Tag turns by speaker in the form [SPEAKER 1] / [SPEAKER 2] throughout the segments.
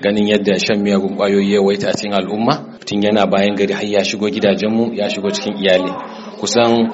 [SPEAKER 1] ganin yadda shan miyagun kwayoyi ya waita a cikin al'umma tun yana bayan gari har ya shigo gidajenmu ya shigo cikin iyali kusan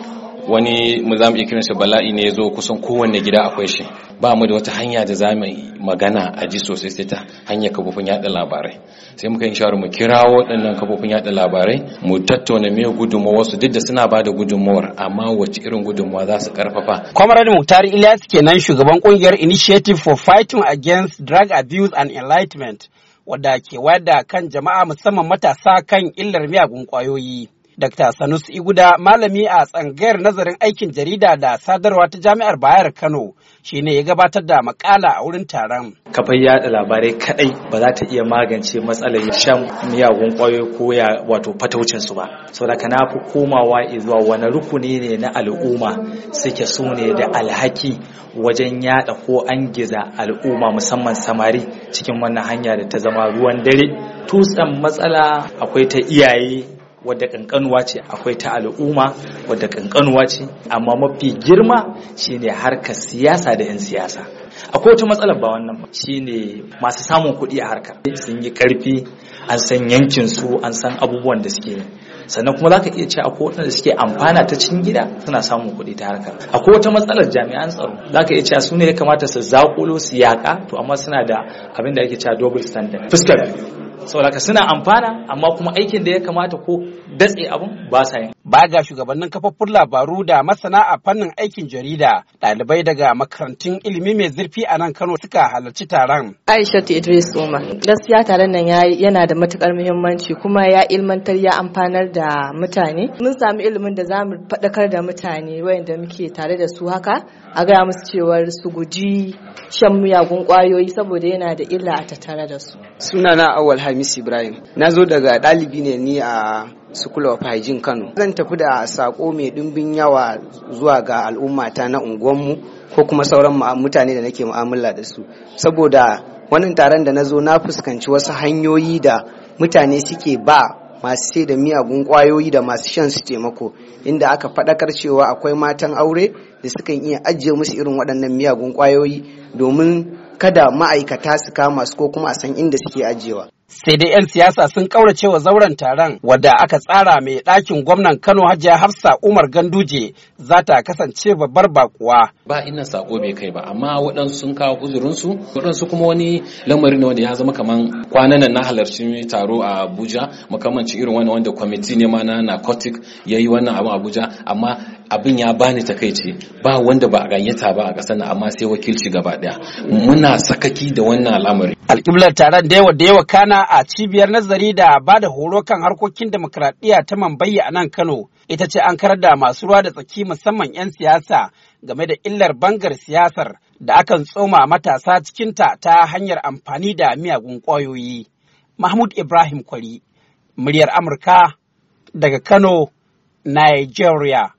[SPEAKER 1] wani mu za mu iya kiransa bala'i ne ya zo kusan kowanne gida akwai shi ba mu da wata hanya da za mu magana a ji sosai sai ta hanyar kafofin yada labarai sai muka yi shawarar mu kirawo waɗannan kafofin yada labarai mu tattauna me gudunmawar su duk da suna ba da gudunmawar amma wacce irin gudunmawa za su karfafa
[SPEAKER 2] comrade muktar ilyas kenan shugaban kungiyar initiative for fighting against drug abuse and enlightenment wadda ke wayar da kan jama'a musamman matasa kan illar miyagun ƙwayoyi. Dr. Sanus Iguda malami a tsangayar nazarin aikin jarida da sadarwa ta Jami'ar Bayar Kano shi ne ya gabatar da makala a wurin taron.
[SPEAKER 3] Kafar yada labarai kadai ba za ta iya magance matsalar shan miyagun kwayo ko ya wato fataucin su ba. Saboda na fi komawa zuwa wani rukuni ne na al'umma suke so ne da alhaki wajen yada ko an giza al'umma musamman samari cikin wannan hanya da ta zama ruwan dare. Tutsan matsala akwai ta iyaye wadda kankanuwa ce akwai ta al'umma wadda kankanuwa ce amma mafi girma shine harkar siyasa da 'yan siyasa akwai wata matsalar ba wannan ba shine masu samun kuɗi a harka. sun yi ƙarfi an san yankin su an san abubuwan da suke sannan kuma za ka iya ce akwai waɗanda suke amfana ta cikin gida suna samun kuɗi ta harkar akwai wata matsalar jami'an tsaro za ka iya ce su ne ya kamata su zaƙulo su yaƙa to amma suna da abin da ake cewa double standard fuskar saboda suna amfana amma kuma aikin da ya kamata ko datse abun
[SPEAKER 2] ba sa yin ba ga shugabannin kafaffun labaru da masana a fannin aikin jarida ɗalibai daga makarantun ilimi mai zurfi a nan Kano suka halarci taron.
[SPEAKER 4] Aisha Idris Umar gaskiya taron nan yana da matukar muhimmanci kuma ya ilmantar ya amfanar da mutane. Mun sami ilimin da za mu faɗakar da mutane wayanda muke tare da su haka a gaya musu cewar su guji shan miyagun kwayoyi saboda yana da illa a tattare da su. Sunana Awal Hamis Ibrahim. Na zo daga ɗalibi ne ni a School of Hygiene Kano. Zan tafi da sako mai ɗimbin yawa zuwa ga al'ummata na unguwanmu ko kuma sauran mutane da nake mu'amala da su. Saboda wannan taron da na zo na fuskanci wasu hanyoyi da mutane suke ba masu sai da miyagun kwayoyi da masu shan su taimako inda aka faɗakar cewa akwai matan aure da sukan iya ajiye musu irin waɗannan miyagun kwayoyi domin kada ma'aikata su kama su ko kuma a san inda suke ajiyewa.
[SPEAKER 2] sai dai 'yan siyasa sun kauracewa zauren taron wadda aka tsara mai ɗakin gwamnan kano hajiya hafsa umar ganduje za ta kasance babbar bakuwa ba ina
[SPEAKER 1] sako bai kai ba amma waɗansu sun kawo uzurinsu waɗansu kuma wani lamari ne wanda ya zama kaman kwanan nan na halarci taro a abuja makamanci irin wani wanda kwamiti ne ma na narcotic ya yi wannan abin abuja amma abin ya bani takaici ba wanda ba a gayyata ba a ƙasar amma sai wakilci gaba ɗaya muna sakaki da wannan al'amari alƙiblar taron da
[SPEAKER 2] yawa da yawa kana a cibiyar nazari da ba da horo kan harkokin demokradiyya ta mambayya a nan Kano ita ce an karar da masu ruwa da tsaki musamman 'yan siyasa game da illar bangar siyasar da akan tsoma matasa cikinta ta hanyar amfani da miyagun ƙwayoyi. Mahmud Ibrahim Kwari, muryar Amurka daga Kano, Nigeria.